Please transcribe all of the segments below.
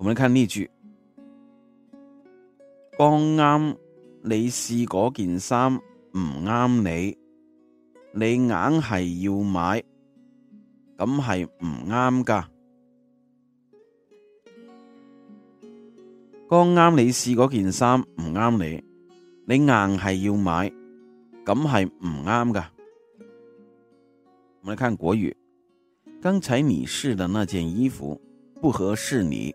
我們看呢句，剛啱你試嗰件衫唔啱你，你硬係要買，咁係唔啱噶。剛啱你試嗰件衫唔啱你，你硬係要買，咁係唔啱噶。我們來看國語，剛才你試的那件衣服不合適你。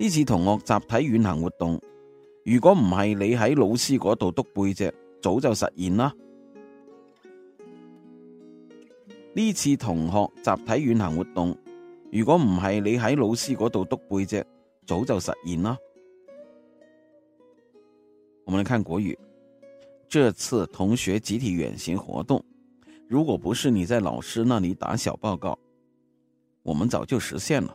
呢次同學集體遠行活動，如果唔係你喺老師嗰度篤背脊，早就實現啦。呢次同學集體遠行活動，如果唔係你喺老師嗰度篤背脊，早就實現啦。我們嚟看國語。這次同學集體遠行活動，如果不是你在老師那裏打小報告，我們早就實現啦。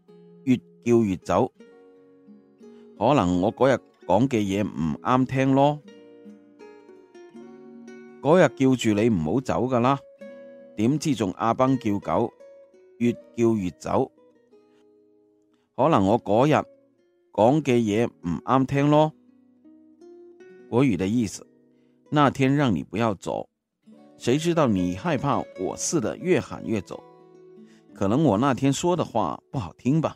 叫越走，可能我嗰日講嘅嘢唔啱聽咯。嗰日叫住你唔好走㗎啦，點知仲阿崩叫狗，越叫越走。可能我嗰日講嘅嘢唔啱聽咯。國語的意思，那天讓你不要走，誰知道你害怕我似的，越喊越走。可能我那天說嘅話不好聽吧。